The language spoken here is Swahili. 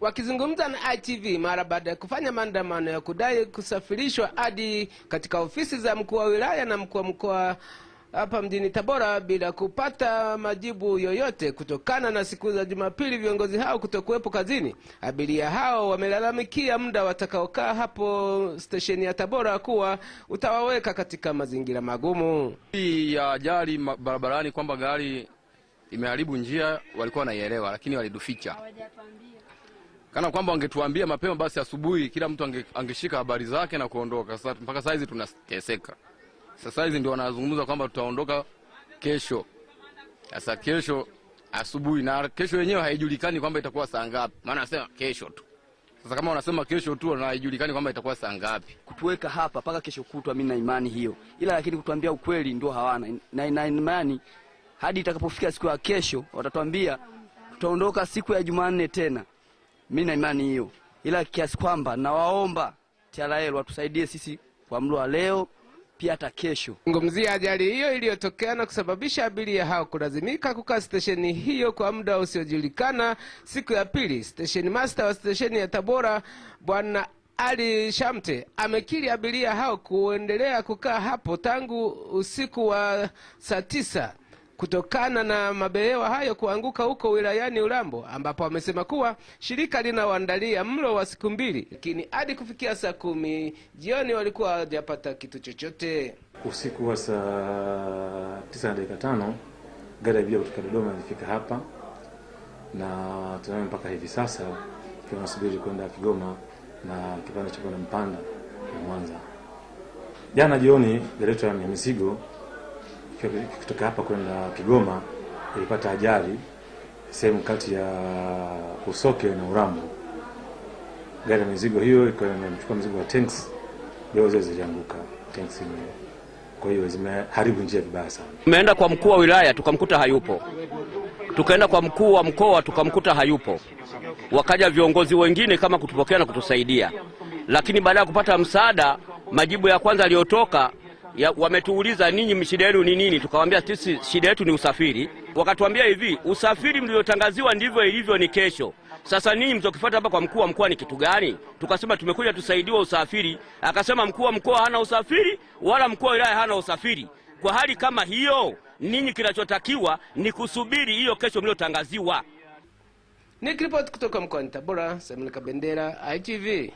Wakizungumza na ITV mara baada ya kufanya maandamano ya kudai kusafirishwa hadi katika ofisi za mkuu wa wilaya na mkuu wa mkoa hapa mjini Tabora bila kupata majibu yoyote kutokana na siku za Jumapili viongozi hao kutokuwepo kazini. Abiria hao wamelalamikia muda watakaokaa hapo stesheni ya Tabora kuwa utawaweka katika mazingira magumu. Hii ya ajali barabarani kwamba gari imeharibu njia walikuwa wanaielewa, lakini waliduficha Kana kwamba wangetuambia mapema, basi asubuhi kila mtu ange, angeshika habari zake na kuondoka. Sasa mpaka saizi tunateseka. Sasa hizi ndio wanazungumza kwamba tutaondoka kesho. Sasa kesho asubuhi, na kesho yenyewe haijulikani kwamba itakuwa saa ngapi, maana anasema kesho tu. Sasa kama wanasema kesho tu na haijulikani kwamba itakuwa saa ngapi, kutuweka hapa mpaka kesho kutwa, mimi na imani hiyo, ila lakini kutuambia ukweli ndio hawana, na na imani hadi itakapofika siku ya kesho, watatuambia tutaondoka siku ya Jumanne tena mi na imani hiyo, ila kiasi kwamba nawaomba TRL watusaidie sisi kwa mlo wa leo pia hata kesho. Ngumzia ajali hiyo iliyotokea na kusababisha abiria hao kulazimika kukaa stesheni hiyo kwa muda usiojulikana siku ya pili. Stesheni master wa stesheni ya Tabora Bwana ali Shamte amekiri abiria hao kuendelea kukaa hapo tangu usiku wa saa tisa kutokana na mabehewa hayo kuanguka huko wilayani Urambo, ambapo wamesema kuwa shirika linawaandalia mlo wa siku mbili, lakini hadi kufikia saa kumi jioni walikuwa hawajapata kitu chochote. Usiku wa saa tisa na dakika tano gari ya abiria kutoka Dodoma ilifika hapa na tunaona mpaka hivi sasa tunasubiri kwenda Kigoma na kipande cha kwenda Mpanda na Mwanza. Jana jioni gari ya mizigo kutoka hapa kwenda Kigoma ilipata ajali sehemu kati ya Usoke na Urambo. Gari ya mizigo hiyo ikawa imechukua mzigo wa tanks, zile zilianguka tanks hiyo. Kwa hiyo zimeharibu njia vibaya sana. Tumeenda kwa mkuu wa wilaya tukamkuta hayupo, tukaenda kwa mkuu wa mkoa tukamkuta hayupo, wakaja viongozi wengine kama kutupokea na kutusaidia, lakini baada ya kupata msaada, majibu ya kwanza aliyotoka wametuuliza ninyi mshida yenu ni nini? Tukawambia sisi shida yetu ni usafiri. Wakatuambia hivi, usafiri mliotangaziwa ndivyo ilivyo, ni kesho. Sasa ninyi mtokifata hapa kwa mkuu wa mkoa ni kitu gani? Tukasema tumekuja tusaidiwa usafiri. Akasema mkuu wa mkoa hana usafiri wala mkuu wa wilaya hana usafiri. Kwa hali kama hiyo, ninyi kinachotakiwa ni kusubiri hiyo kesho mliotangaziwa. Nikiripoti kutoka mkoani Tabora, Samuel Kabendera, ITV.